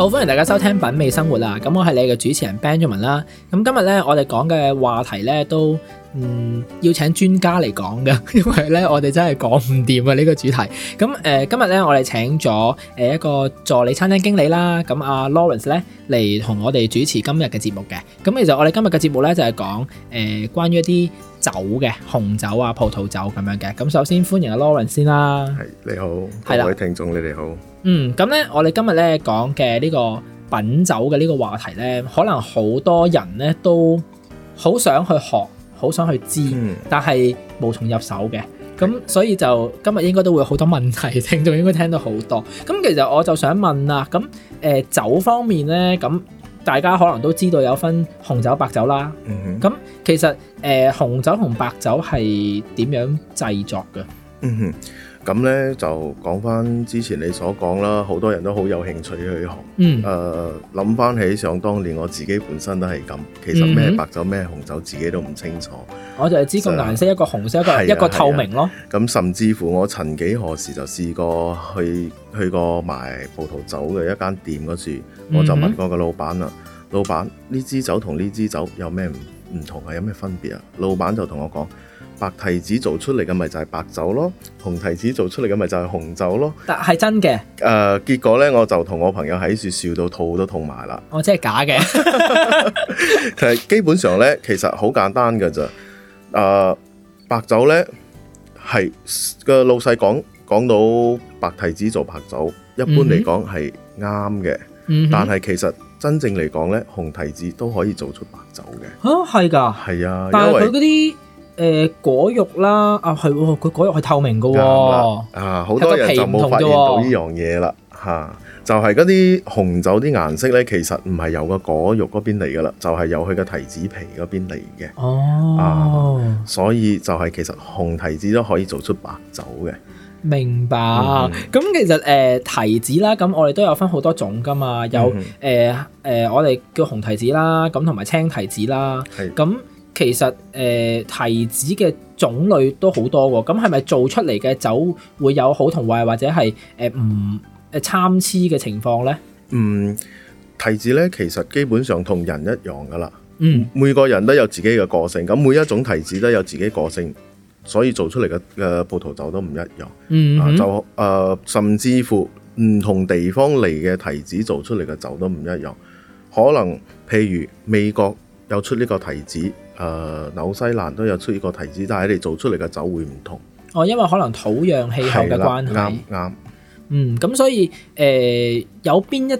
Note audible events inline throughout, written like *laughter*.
好、哦，歡迎大家收聽品味生活啦！咁我係你嘅主持人 Benjamin 啦。咁今日咧，我哋講嘅話題咧都～嗯，要請專家嚟講嘅，因為咧我哋真係講唔掂啊呢個主題。咁誒、呃，今日咧我哋請咗誒一個助理餐廳經理啦，咁、啊、阿 Lawrence 咧嚟同我哋主持今日嘅節目嘅。咁其實我哋今日嘅節目咧就係講誒關於一啲酒嘅紅酒啊、葡萄酒咁樣嘅。咁首先歡迎阿、啊、Lawrence 先啦。係，你好，各位聽眾啦，你哋好。嗯，咁咧我哋今日咧講嘅呢個品酒嘅呢個話題咧，可能好多人咧都好想去學。好想去知，但係無從入手嘅，咁所以就今日應該都會好多問題，聽眾應該聽到好多。咁其實我就想問啦，咁誒、呃、酒方面呢？咁大家可能都知道有分紅酒、白酒啦。咁、嗯、哼其實誒、呃、紅酒同白酒係點樣製作嘅？嗯哼咁呢，就講翻之前你所講啦，好多人都好有興趣去行。嗯。誒、呃，諗翻起想當年我自己本身都係咁，其實咩白酒咩紅酒自己都唔清楚。嗯、我就係知個顏色，以一個紅色，一個、啊啊、一個透明咯。咁、啊啊、甚至乎我曾幾何時就試過去去過賣葡萄酒嘅一間店嗰時，我就問過個老闆啦：，嗯嗯，老闆，呢支酒同呢支酒有咩唔唔同啊？有咩分別啊？老闆就同我講。白提子做出嚟嘅咪就係白酒咯，紅提子做出嚟嘅咪就係紅酒咯。但係真嘅，誒、呃，結果呢，我就同我朋友喺處笑到肚都痛埋啦。哦，即係假嘅。其實基本上呢，其實好簡單嘅咋誒，白酒呢？係個老細講講到白提子做白酒，一般嚟講係啱嘅。Mm hmm. 但係其實真正嚟講呢，紅提子都可以做出白酒嘅。吓、哦，係噶，係啊，因為啲。誒果肉啦。啊，係佢果肉係透明㗎喎。哦，啊，好多人就冇發現到呢樣嘢啦。吓、啊，就係嗰啲紅酒啲顏色咧，其實唔係由個果肉嗰邊嚟嘅啦，就係由佢嘅提子皮嗰邊嚟嘅。哦、啊，所以就係其實紅提子都可以做出白酒嘅。明白。咁、嗯、哼其實誒、呃、提子啦，咁我哋都有分好多種㗎嘛，有誒誒我哋叫紅提子啦，咁同埋青提子啦，係咁。的其實誒提、呃、子嘅種類都好多喎，咁係咪做出嚟嘅酒會有好同壞，或者係誒唔誒參差嘅情況呢？嗯，提子呢，其實基本上同人一樣噶啦。嗯，每個人都有自己嘅個性，咁每一種提子都有自己個性，所以做出嚟嘅誒葡萄酒都唔一樣。嗯，嗯，就誒、啊、甚至乎唔同地方嚟嘅提子做出嚟嘅酒都唔一樣，可能譬如美國。有出呢個提子，誒、呃、紐西蘭都有出呢個提子，但係你做出嚟嘅酒會唔同。哦，因為可能土壤氣候嘅關係。啱啱的。嗯，咁、嗯、所以誒、呃、有邊一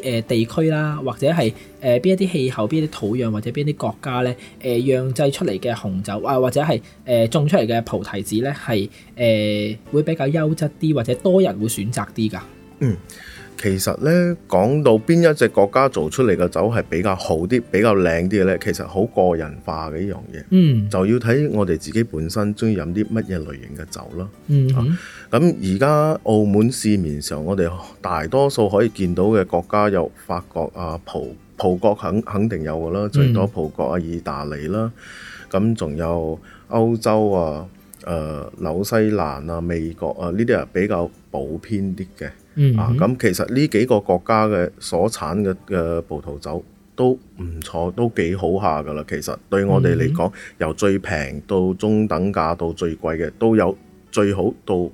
啲誒地區啦，或者係誒邊一啲氣候、邊一啲土壤，或者邊一啲國家咧，誒、呃、釀製出嚟嘅紅酒啊，或者係誒、呃、種出嚟嘅葡提子咧，係誒、呃、會比較優質啲，或者多人會選擇啲㗎。嗯。其實呢，講到邊一隻國家做出嚟嘅酒係比較好啲、比較靚啲嘅呢？其實好個人化嘅一樣嘢。嗯、mm，hmm. 就要睇我哋自己本身中意飲啲乜嘢類型嘅酒咯。嗯、mm，咁而家澳門市面上，我哋大多數可以見到嘅國家有法國啊、葡葡國肯肯定有噶啦，最多葡國啊、意大利啦，咁仲、mm hmm. 有歐洲啊、誒、呃、紐西蘭啊、美國啊呢啲係比較普遍啲嘅。嗯、啊，咁其實呢幾個國家嘅所產嘅嘅葡萄酒都唔錯，都幾好下噶啦。其實對我哋嚟講，嗯、哼由最平到中等價到最貴嘅都有，最好到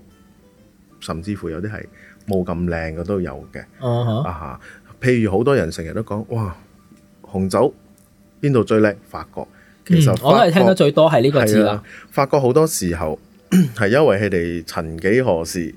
甚至乎有啲係冇咁靚嘅都有嘅。嗯、哼啊譬如好多人成日都講，哇，紅酒邊度最靚？法國，其實、嗯、我都係聽得最多係呢個字啦。法國好多時候係 *coughs* 因為佢哋曾幾何時。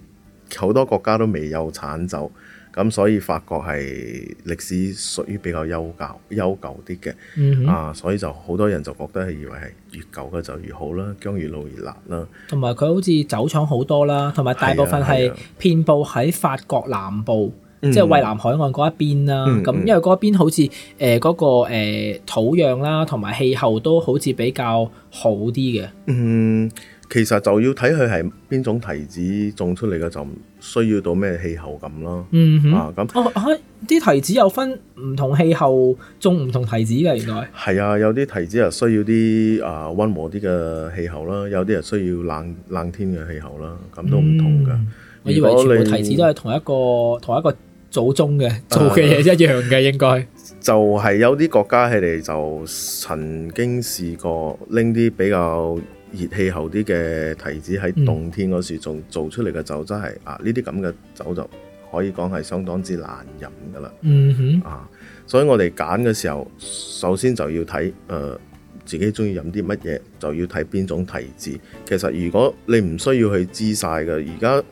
好多國家都未有產酒，咁所以法國係歷史屬於比較悠久、悠久啲嘅，嗯、哼啊，所以就好多人就覺得係以為係越舊嘅就越好啦，薑越老越辣啦。同埋佢好似酒廠好多啦，同埋大部分係遍佈喺法國南部，啊啊、即係蔚南海岸嗰一邊啦。咁、嗯、因為嗰邊好似誒嗰個、呃、土壤啦，同埋氣候都好似比較好啲嘅。嗯。其實就要睇佢係邊種提子種出嚟嘅，就需要到咩氣候咁咯。嗯哼啊、哦，啊咁。哦，啲提子有分唔同氣候種唔同提子嘅，原來係啊，有啲提子啊需要啲啊溫和啲嘅氣候啦，有啲啊需要冷冷天嘅氣候啦，咁都唔同噶。嗯、原來 我以為全部提子都係同一個你同一個祖宗嘅做嘅嘢一樣嘅，啊、應該該就係有啲國家佢哋就曾經試過拎啲比較。熱氣候啲嘅提子喺冬天嗰時做出嚟嘅酒真係啊！呢啲咁嘅酒就可以講係相當之難飲噶啦。嗯哼。啊，所以我哋揀嘅時候，首先就要睇呃，自己中意飲啲乜嘢，就要睇邊種提子。其實如果你唔需要去知晒嘅，而家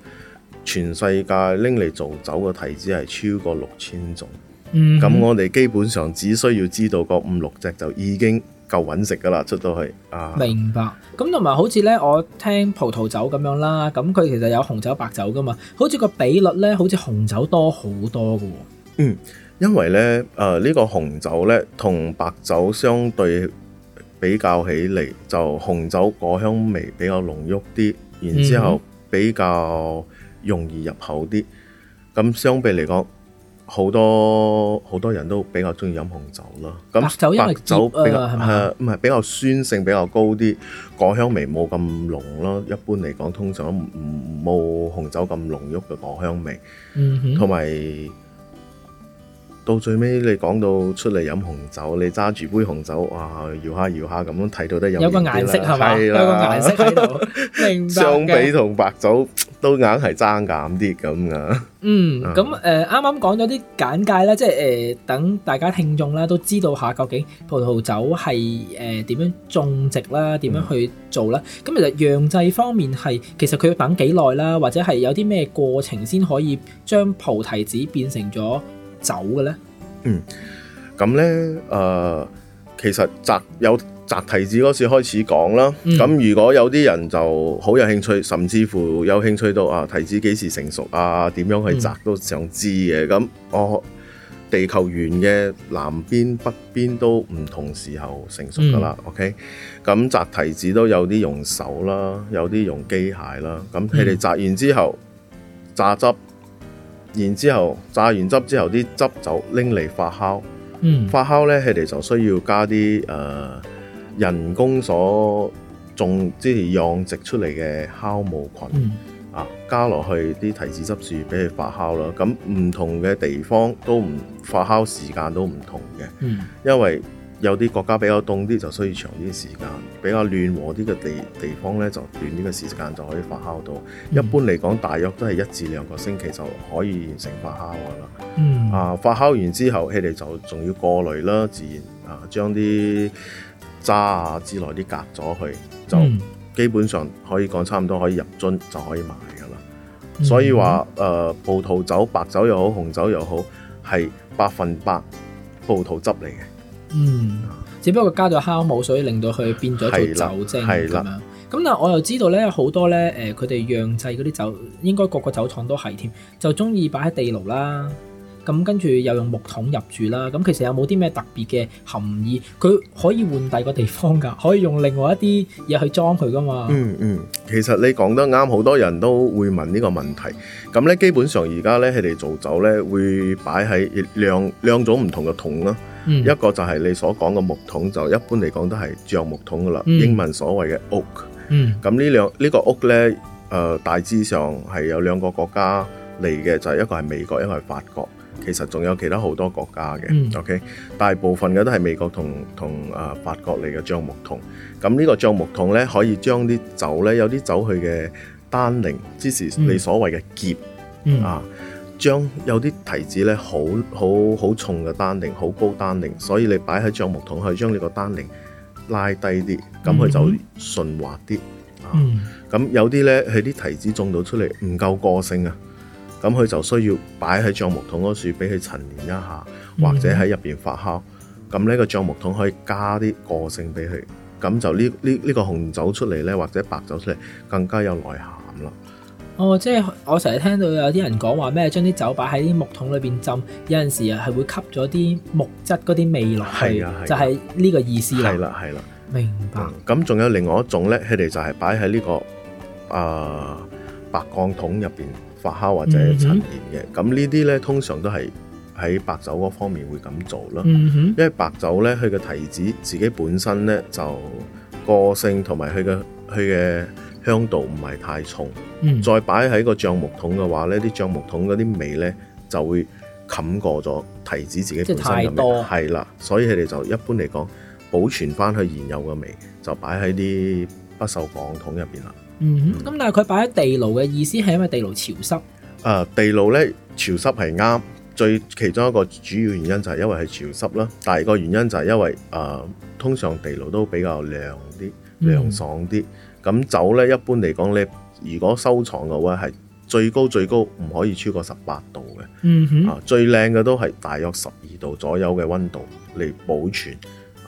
全世界拎嚟做酒嘅提子係超過六千種。嗯哼。咁我哋基本上只需要知道個五六隻就已經夠搵食噶啦，出到去啊！明白。咁同埋好似呢，我聽葡萄酒咁樣啦，咁佢其實有紅酒白酒噶嘛，好似個比率呢，好似紅酒多好多噶喎。哦。嗯，因為呢，誒、呃、呢、呢個紅酒呢，同白酒相對比較起嚟，就紅酒果香味比較濃郁啲，然之後、嗯、比較容易入口啲，咁相比嚟講。好多好多人都比較中意飲紅酒啦。咁白酒因為，白酒比較唔係、啊、比較酸性比較高啲，係咪？果香味冇咁濃咯。一般嚟講，通常都唔冇紅酒咁濃郁嘅果香味。同埋、嗯哼。到最尾，你講到出嚟飲紅酒，你揸住杯紅酒，哇搖下搖下咁樣睇到都有，有，有個顏色係咪？了有個顏色喺度，相比同白酒都硬係爭減啲咁噶。嗯，咁誒啱啱講咗啲簡介啦，即係誒、呃、等大家聽眾咧都知道下究竟葡萄酒係誒點樣種植啦、點樣去做啦。咁、嗯、其實釀製方面係其實佢要等幾耐啦，或者係有啲咩過程先可以將菩提子變成咗。走嘅咧，嗯，咁咧，誒、呃，其實摘有摘提子嗰時開始講啦。咁、嗯、如果有啲人就好有興趣，甚至乎有興趣到啊，提子幾時成熟啊，點樣去摘都想知嘅。咁我、嗯哦、地球圓嘅南邊北邊都唔同時候成熟㗎喇。嗯、OK，咁摘提子都有啲用手啦，有啲用機械啦。咁佢哋摘完之後榨、嗯、汁。然之後榨完汁之後，啲汁就拎嚟發酵。嗯、發酵呢，佢哋就需要加啲誒、呃、人工所種即係養殖出嚟嘅酵母菌、嗯、啊，加落去啲提子汁樹俾佢發酵啦。咁唔同嘅地方都唔發酵時間都唔同嘅，嗯、因為。有啲國家比較凍啲，就需要長啲時間；比較暖和啲嘅地地方呢就短啲嘅時間就可以發酵到。嗯、一般嚟講，大約都係一至兩個星期就可以完成發酵噶啦。嗯、啊，發酵完之後，佢哋就仲要過濾啦，自然啊，將啲渣啊之類啲隔咗去，嗯、就基本上可以講差唔多可以入樽就可以買噶啦。嗯、所以話誒、呃，葡萄酒、白酒又好，紅酒又好，係百分百葡萄汁嚟嘅。嗯，只不過加咗酵母，所以令到佢變咗做酒精咁樣。咁但係我又知道咧，好多咧，誒，佢哋釀製嗰啲酒，應該各個酒廠都係添，就中意擺喺地牢啦。咁跟住又用木桶入住啦。咁其實有冇啲咩特別嘅含義？佢可以換第二個地方噶，可以用另外一啲嘢去裝佢噶嘛？嗯嗯，其實你講得啱，好多人都會問呢個問題。咁咧，基本上而家咧，佢哋做酒咧會擺喺兩兩種唔同嘅桶啦。一個就係你所講嘅木桶，就一般嚟講都係橡木桶嘅啦。嗯、英文所謂嘅 Oak，a 咁呢兩呢個 Oak 呢，誒大致上係有兩個國家嚟嘅，就係、是、一個係美國，一個係法國。其實仲有其他好多國家嘅。嗯、OK，大部分嘅都係美國同同誒法國嚟嘅橡木桶。咁呢個橡木桶呢，可以將啲酒呢，有啲酒去嘅單寧，即係你所謂嘅澀。啊、嗯。嗯嗯將有啲提子咧，好好好重嘅單寧，好高單寧，所以你擺喺橡木桶可以將呢個單寧拉低啲，咁佢就順滑啲。咁、嗯哼啊、有啲咧，佢啲提子種到出嚟唔夠個性啊，咁佢就需要擺喺橡木桶嗰樹俾佢陳年一下，或者喺入邊發酵，咁呢、嗯、哼個橡木桶可以加啲個性俾佢，咁就呢呢呢個紅酒出嚟咧，或者白酒出嚟更加有內涵啦。哦，即係我成日聽到有啲人講話咩，將啲酒擺喺啲木桶裏邊浸，有陣時啊係會吸咗啲木質嗰啲味落去，啊啊、就係呢個意思啦。係啦係啦，啊、明白。咁仲、嗯、有另外一種咧，佢哋就係擺喺呢個啊白鋼桶入邊發酵或者陳年嘅。咁、嗯、哼呢啲咧通常都係喺白酒嗰方面會咁做啦。嗯、哼因為白酒咧佢嘅提子自己本身咧就個性同埋佢嘅佢嘅。香度唔係太重，嗯、再擺喺個橡木桶嘅話，呢啲橡木桶嗰啲味呢就會冚過咗提子自己本身嘅味道，係啦，所以佢哋就一般嚟講保存翻佢原有嘅味，就擺喺啲不鏽鋼桶入邊啦。嗯、哼嗯，咁但係佢擺喺地牢嘅意思係因為地牢潮濕，誒、呃、地牢呢潮濕係啱，最其中一個主要原因就係因為係潮濕啦，第二個原因就係因為誒、呃、通常地牢都比較涼啲、涼爽啲。嗯咁酒咧，一般嚟講，你如果收藏嘅話，係最高最高唔可以超過十八度嘅。嗯、哼啊，最靚嘅都係大約十二度左右嘅溫度嚟保存。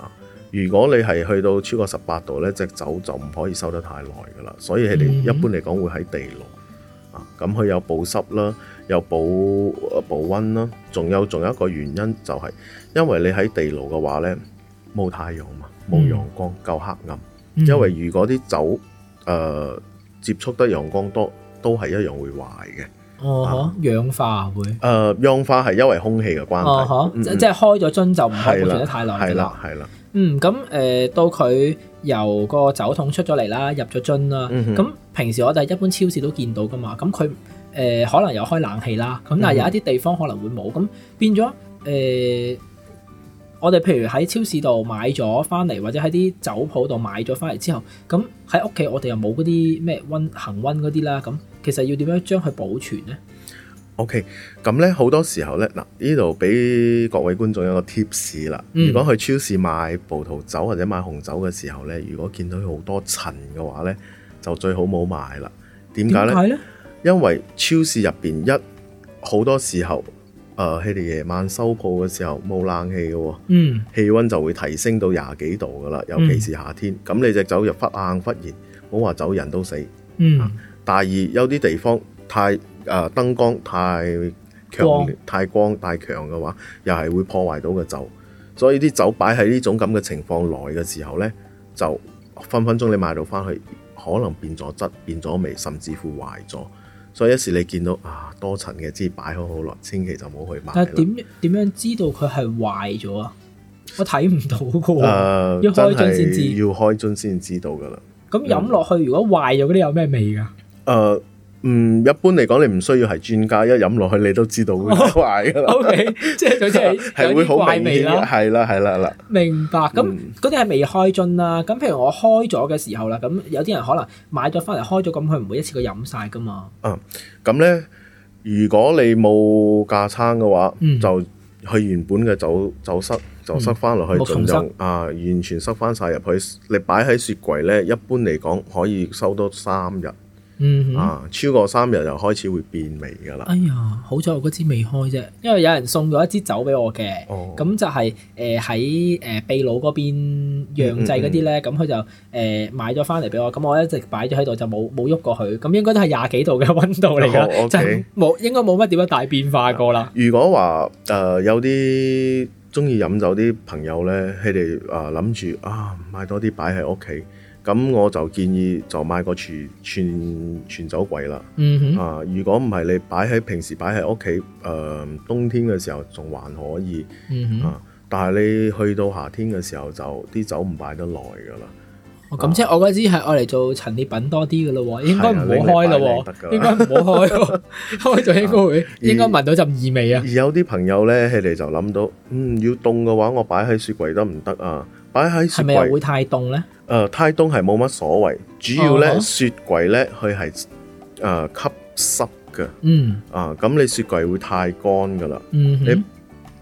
啊，如果你係去到超過十八度咧，隻酒就唔可以收得太耐噶啦。所以係嚟、嗯、哼一般嚟講會喺地牢，啊，咁佢有保濕啦，有保呃保溫啦，仲有仲有一個原因就係、是、因為你喺地牢嘅話咧，冇太陽嘛，冇陽光，嗯、夠黑暗。因為如果啲酒，誒、呃、接觸得陽光多，都係一樣會壞嘅。哦，氧化會。誒，氧化係因為空氣嘅關係。哦哈嗯、即係開咗樽就唔係保存得太耐嘅啦。係啦。嗯，咁誒、呃、到佢由個酒桶出咗嚟啦，入咗樽啦。咁、嗯、哼平時我哋一般超市都見到㗎嘛。咁佢誒可能有開冷氣啦。咁但係有一啲地方可能會冇。咁變咗誒。呃我哋譬如喺超市度買咗翻嚟，或者喺啲酒鋪度買咗翻嚟之後，咁喺屋企我哋又冇嗰啲咩温恆温嗰啲啦，咁其實要點樣將佢保存呢？OK，咁呢好多時候呢，嗱，呢度俾各位觀眾一個貼士啦。如果去超市買葡萄酒或者買紅酒嘅時候呢，如果見到好多塵嘅話呢，就最好冇買啦。點解呢？點解呢？因為超市入邊一好多時候。誒喺你夜晚收鋪嘅時候冇冷氣嘅喎、哦，嗯、氣温就會提升到廿幾度㗎喇，尤其是夏天。咁、嗯、你隻酒就忽冷忽熱，唔好話酒，人都死。嗯，第二、啊、有啲地方太誒、呃、燈光太強、光太光太強嘅話，又係會破壞到個酒。所以啲酒擺喺呢種咁嘅情況內嘅時候呢，就分分鐘你買到返去，可能變咗質、變咗味，甚至乎壞咗。所以一時你見到啊多層嘅，支擺好好耐，千祈就唔好去買。但係點樣，樣知道佢係壞咗啊？我睇唔到嘅，呃、要開樽先知，呃、要開樽先知道嘅啦。咁飲落去，嗯、如果壞咗嗰啲有咩味㗎？誒、呃。嗯，一般嚟講，你唔需要係專家，一飲落去你都知道會壞噶、oh, okay, *laughs* 啦。O K，即係即係係會好怪味咯。係啦係啦係啦，明白。咁嗰啲係未開樽啦。咁譬如我開咗嘅時候啦，咁有啲人可能買咗翻嚟開咗，咁佢唔會一次過飲晒噶嘛嗯。嗯，咁咧，如果你冇架撐嘅話，嗯、就去原本嘅酒酒塞，酒塞翻落去就、嗯、啊，完全塞翻晒入去。你擺喺雪櫃咧，一般嚟講可以收多三日。嗯啊，超過三日就開始會變味噶啦。哎呀，好彩我嗰支未開啫，因為有人送咗一支酒俾我嘅。哦，咁就係誒喺誒秘魯嗰邊釀製嗰啲咧，咁佢、嗯嗯、就誒、呃、買咗翻嚟俾我，咁我一直擺咗喺度，就冇冇喐過佢。咁應該都係廿幾度嘅溫度嚟噶，即係冇應該冇乜點樣大變化過啦、嗯。如果話誒、呃、有啲中意飲酒啲朋友咧，佢哋啊諗住啊買多啲擺喺屋企。咁我就建議就買個櫥全全酒櫃啦。嗯、哼啊，如果唔係你擺喺平時擺喺屋企，誒、呃、冬天嘅時候仲還，還可以。嗯、哼啊，但係你去到夏天嘅時候就啲酒唔擺得耐噶啦。哦，咁即係我嗰支係愛嚟做陳列品多啲噶咯喎，應該唔好開咯喎，啊、你你應該唔好開， *laughs* *laughs* 開就應該會、啊、應該聞到陣異味啊。而有啲朋友咧，佢哋就諗到，嗯，要凍嘅話，我擺喺雪櫃得唔得啊？擺喺雪櫃係咪 *laughs* 又會太凍咧？誒太凍係冇乜所謂，主要呢、uh huh. 雪櫃呢，佢係誒吸濕嘅，啊咁、mm hmm. 呃、你雪櫃會太乾噶啦，mm hmm.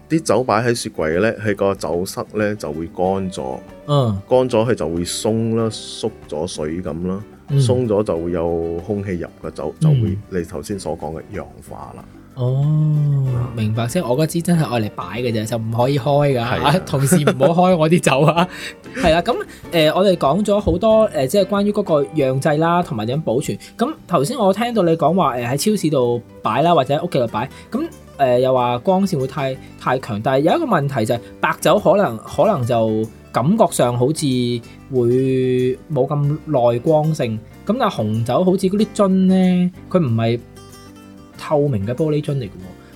你啲酒擺喺雪櫃呢，佢個酒塞呢就會乾咗，乾咗佢就會鬆啦，縮咗水咁啦，鬆咗、mm hmm. 就會有空氣入嘅酒，就會、mm hmm. 你頭先所講嘅氧化啦。哦，明白，即係我嗰支真係愛嚟擺嘅啫，就唔可以開噶，同時唔好開我啲酒啊。係啦，咁誒，我哋講咗好多誒，即係關於嗰個釀製啦，同埋點樣保存。咁頭先我聽到你講話誒，喺超市度擺啦，或者喺屋企度擺。咁誒又話光線會太太強，但係有一個問題就係白酒可能可能就感覺上好似會冇咁耐光性。咁但係紅酒好似嗰啲樽咧，佢唔係。透明嘅玻璃樽嚟嘅，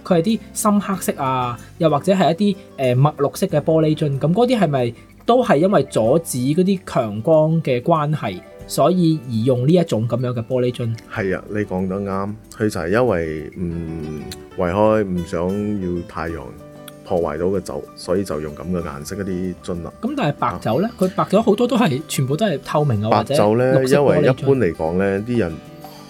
佢係啲深黑色啊，又或者係一啲誒墨綠色嘅玻璃樽，咁嗰啲係咪都係因為阻止嗰啲強光嘅關係，所以而用呢一種咁樣嘅玻璃樽？係啊，你講得啱，佢就係因為唔避、嗯、開唔想要太陽破壞到嘅酒，所以就用咁嘅顏色一啲樽啦。咁但係白酒咧，佢、啊、白酒好多都係全部都係透明嘅或者綠色，因為一般嚟講咧，啲人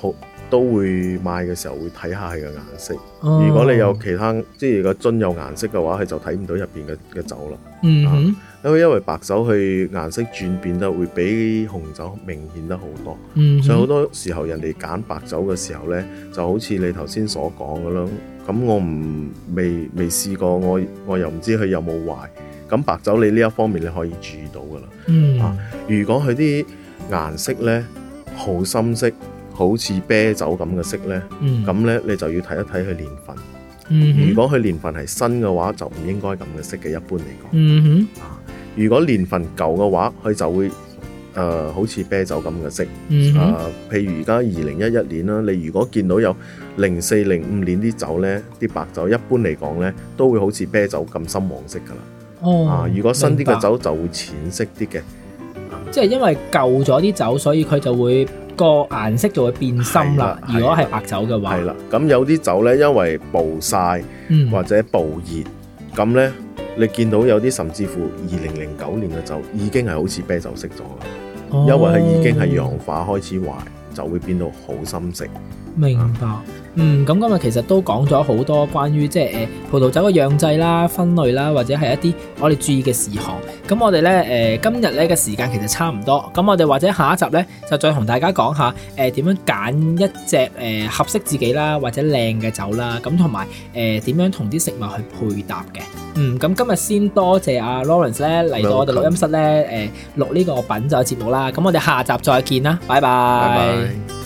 好都會買嘅時候會睇下佢嘅顏色。Oh. 如果你有其他，即係如果樽有顏色嘅話，佢就睇唔到入邊嘅嘅酒啦。因為、mm hmm. 啊、因為白酒佢顏色轉變得會比紅酒明顯得好多，mm hmm. 所以好多時候人哋揀白酒嘅時候呢，就好似你頭先所講嘅咯。咁我唔未未試過，我我又唔知佢有冇壞。咁白酒你呢一方面你可以注意到噶啦。Mm hmm. 啊，如果佢啲顏色呢，好深色。好似啤酒咁嘅色呢，咁呢、嗯、你就要睇一睇佢年份。嗯、哼如果佢年份係新嘅話，就唔應該咁嘅色嘅。一般嚟講，嗯、哼啊，如果年份舊嘅話，佢就會誒、呃，好似啤酒咁嘅色。嗯、哼啊，譬如而家二零一一年啦，你如果見到有零四零五年啲酒呢，啲白酒一般嚟講呢，都會好似啤酒咁深黃色噶啦。哦、啊，如果新啲嘅酒就會淺色啲嘅。白即係因為舊咗啲酒，所以佢就會。個顏色就會變深啦。的如果係白酒嘅話，係啦。咁有啲酒呢，因為暴曬或者暴熱，咁呢、嗯，你見到有啲甚至乎二零零九年嘅酒已經係好似啤酒色咗啦，哦、因為係已經係氧化開始壞。就會變到好深色。明白。嗯，咁今日其實都講咗好多關於即係誒葡萄酒嘅釀製啦、分類啦，或者係一啲我哋注意嘅事項。咁我哋咧誒今日咧嘅時間其實差唔多。咁我哋或者下一集咧就再同大家講下誒、呃、點樣揀一隻誒、呃、合適自己啦，或者靚嘅酒啦。咁同埋誒點樣同啲食物去配搭嘅。嗯，咁今日先多謝阿、啊、Lawrence 咧，嚟到我哋錄音室咧，誒錄呢個品酒節目啦，咁我哋下集再見啦，拜拜。拜拜。